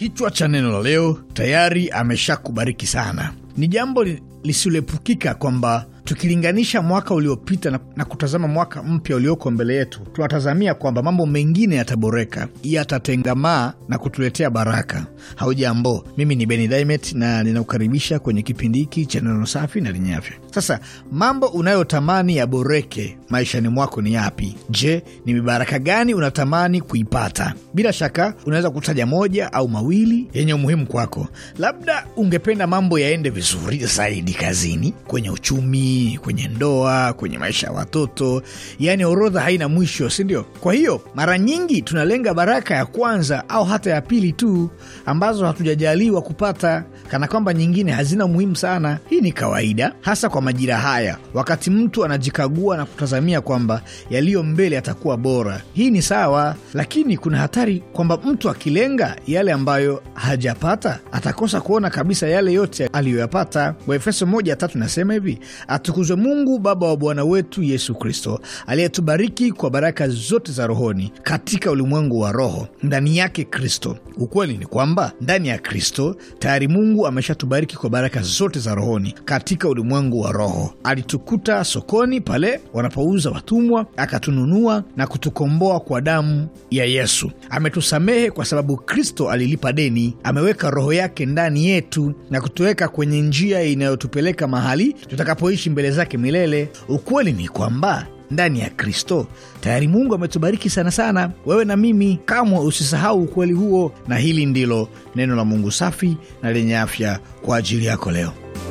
Kichwa cha neno la leo, tayari ameshakubariki sana. Ni jambo li, lisiloepukika kwamba Tukilinganisha mwaka uliopita na, na kutazama mwaka mpya ulioko mbele yetu, tunatazamia kwamba mambo mengine yataboreka, yatatengamaa na kutuletea baraka. Haujambo, mimi ni Beni Dimet na ninakukaribisha kwenye kipindi hiki cha neno safi na lenye afya. Sasa, mambo unayotamani yaboreke maishani mwako ni yapi? Je, ni mibaraka gani unatamani kuipata? Bila shaka unaweza kutaja moja au mawili yenye umuhimu kwako. Labda ungependa mambo yaende vizuri zaidi kazini, kwenye uchumi jamii, kwenye ndoa, kwenye maisha ya watoto, yaani orodha haina mwisho, sindio Kwa hiyo mara nyingi tunalenga baraka ya kwanza au hata ya pili tu ambazo hatujajaliwa kupata, kana kwamba nyingine hazina umuhimu sana. Hii ni kawaida, hasa kwa majira haya, wakati mtu anajikagua na kutazamia kwamba yaliyo mbele yatakuwa bora. Hii ni sawa, lakini kuna hatari kwamba mtu akilenga yale ambayo hajapata atakosa kuona kabisa yale yote aliyoyapata. Waefeso 1 tatu nasema hivi Atukuzwe Mungu Baba wa Bwana wetu Yesu Kristo, aliyetubariki kwa baraka zote za rohoni katika ulimwengu wa roho ndani yake Kristo. Ukweli ni kwamba ndani ya Kristo tayari Mungu ameshatubariki kwa baraka zote za rohoni katika ulimwengu wa roho. Alitukuta sokoni pale wanapouza watumwa, akatununua na kutukomboa kwa damu ya Yesu. Ametusamehe kwa sababu Kristo alilipa deni. Ameweka roho yake ndani yetu na kutuweka kwenye njia inayotupeleka mahali tutakapoishi kuishi mbele zake milele. Ukweli ni kwamba ndani ya Kristo tayari Mungu ametubariki sana sana, wewe na mimi. Kamwe usisahau ukweli huo, na hili ndilo neno la Mungu safi na lenye afya kwa ajili yako leo.